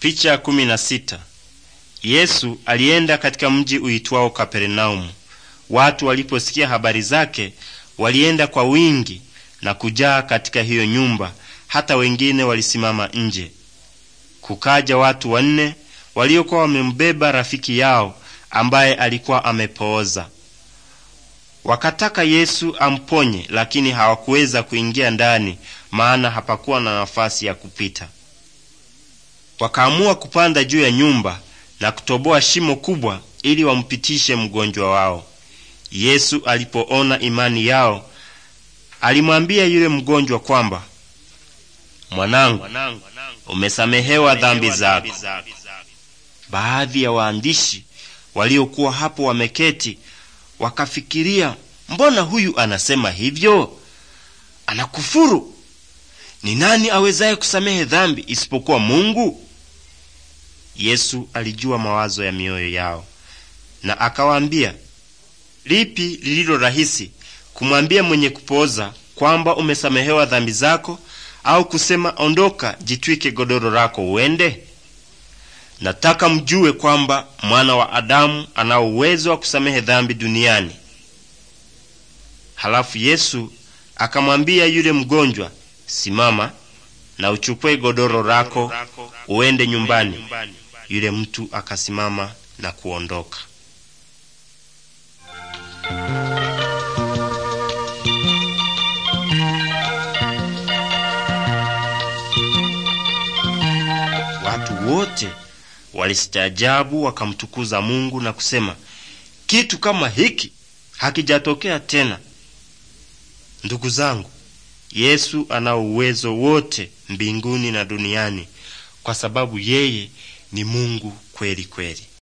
Picha kumi na sita. Yesu alienda katika mji uitwao Kapernaumu. Watu waliposikia habari zake walienda kwa wingi na kujaa katika hiyo nyumba, hata wengine walisimama nje. Kukaja watu wanne waliokuwa wamembeba rafiki yao ambaye alikuwa amepooza. Wakataka Yesu amponye, lakini hawakuweza kuingia ndani, maana hapakuwa na nafasi ya kupita. Wakaamua kupanda juu ya nyumba na kutoboa shimo kubwa ili wampitishe mgonjwa wao. Yesu alipoona imani yao, alimwambia yule mgonjwa kwamba mwanangu, umesamehewa dhambi zako. Baadhi ya waandishi waliokuwa hapo wameketi wakafikiria, mbona huyu anasema hivyo? Anakufuru. Ni nani awezaye kusamehe dhambi isipokuwa Mungu? Yesu alijua mawazo ya mioyo yao na akawaambia, lipi lililo rahisi kumwambia mwenye kupooza kwamba umesamehewa dhambi zako, au kusema ondoka, jitwike godoro lako uende? Nataka mjue kwamba mwana wa Adamu ana uwezo wa kusamehe dhambi duniani. Halafu Yesu akamwambia yule mgonjwa, simama na uchukue godoro lako uende nyumbani. Yule mtu akasimama na kuondoka. Watu wote walistaajabu, wakamtukuza Mungu na kusema, kitu kama hiki hakijatokea tena. Ndugu zangu, Yesu ana uwezo wote mbinguni na duniani, kwa sababu yeye ni Mungu kweli kweli.